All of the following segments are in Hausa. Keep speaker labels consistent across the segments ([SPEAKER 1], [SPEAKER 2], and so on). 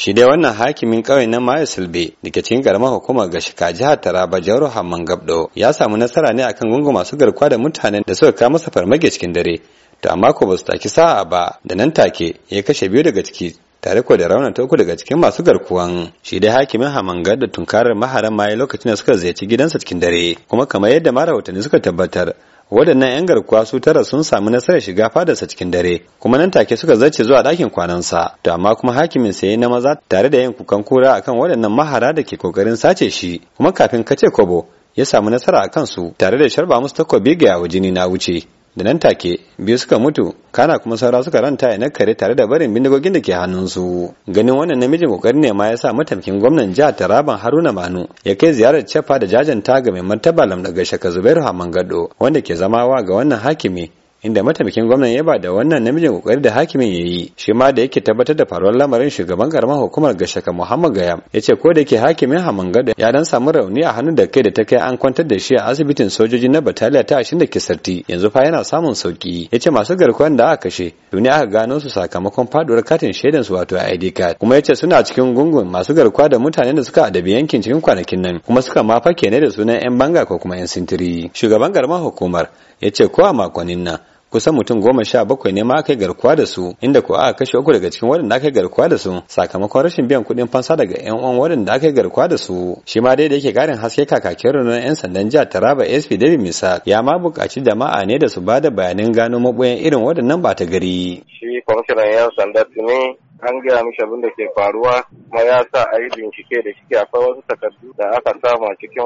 [SPEAKER 1] shi dai wannan hakimin ƙauye na Maya Sulbe da ke cikin karamar hukumar Gashika jihar Taraba jihar Hamman Gabdo ya samu nasara ne akan gungu masu garkuwa da mutanen da suka kawo masa farmaki cikin dare to amma ko ba su taki sa'a ba da nan take ya kashe biyu daga ciki tare ko da rauna ta uku daga cikin masu garkuwan shi dai hakimin hamangar da tunkarar maharan maye lokacin da suka ziyarci gidansa cikin dare kuma kamar yadda mara suka tabbatar waɗannan 'yan garkuwa su tara sun samu nasarar shiga fadarsa cikin dare kuma nan take suka zace zuwa ɗakin kwanansa to amma kuma hakimin sai na maza tare da yin kukan kura akan waɗannan mahara da ke kokarin sace shi kuma kafin kace kobo ya samu nasara a kansu tare da sharba musu takobi ga yawo jini na wuce da nan take biyu suka mutu kana kuma saura suka ranta na kare tare da barin bindigogin da ke hannunsu ganin wannan namijin kokari ne ma ya sa matamkin gwamnan jihar Taraban Haruna Manu ya kai ziyarar cefa da jajanta ga mai martaba Lamdaga Shaka Zubairu Hamangado wanda ke zama wa ga wannan hakimi inda mataimakin gwamnan ya ba da wannan namijin kokari da hakimin ya yi shi ma da yake tabbatar da faruwar lamarin shugaban karamar hukumar gashaka muhammad gayam ya ce ko da yake hakimin gada ya dan samu rauni a hannun da kai da ta kai an kwantar da shi a asibitin sojoji na bataliya ta ashirin da ke sarti yanzu fa yana samun sauki ya ce masu garkuwan da aka kashe tuni aka gano su sakamakon faduwar katin shaidan su wato id card kuma ya ce suna cikin gungun masu garkuwa da mutanen da suka adabi yankin cikin kwanakin nan kuma suka ma fake ne da sunan yan banga ko kuma yan sintiri shugaban karamar hukumar ya ce ko a makonnin nan kusan mutum goma sha bakwai ne ma aka yi garkuwa da su inda ko aka kashe uku daga cikin waɗanda aka yi garkuwa da su sakamakon rashin biyan kuɗin fansa daga yan uwan waɗanda aka yi garkuwa da su shi ma dai da yake karin haske kakakin rundunar yan sandan jihar Taraba SP David Misak ya ma buƙaci jama'a ne da su ba da bayanan gano maɓoyan irin waɗannan ɓata gari.
[SPEAKER 2] Shi kwamishinan yan sanda ne an gaya mishi abin da ke faruwa kuma ya sa a yi bincike da shi akwai wasu takardu da aka samu a cikin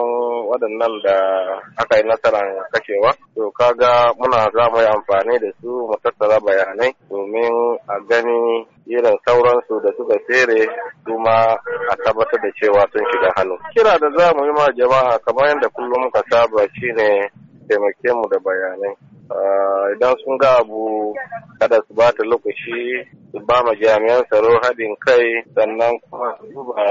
[SPEAKER 2] waɗannan da aka yi nasarar kashewa to kaga muna za mu yi amfani da su mu tattara bayanai domin a gani irin sauransu da suka tsere kuma a tabbatar da cewa sun shiga hannu kira da za mu yi ma jama'a kamar yadda kullum muka saba ne taimake mu da bayanai ah, idan sun ga abu kada su bata lokaci su ba ma jami'an tsaro haɗin kai sannan kuma su duba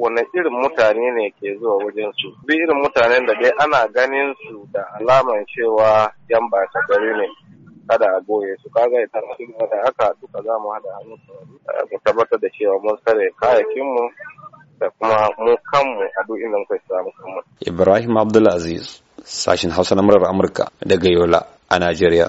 [SPEAKER 2] wani irin mutane ne ke zuwa wajen su bi irin mutanen da dai ana ganin su da alaman cewa yan ba gari ne kada a goye su kaga idan da aka duka za mu haɗa hannu mu tabbatar da cewa mun tsare kayakinmu da kuma mu kanmu a duk inda muka samu kanmu.
[SPEAKER 1] Ibrahim Abdulaziz, sashin Hausa na murar Amurka daga Yola a Najeriya.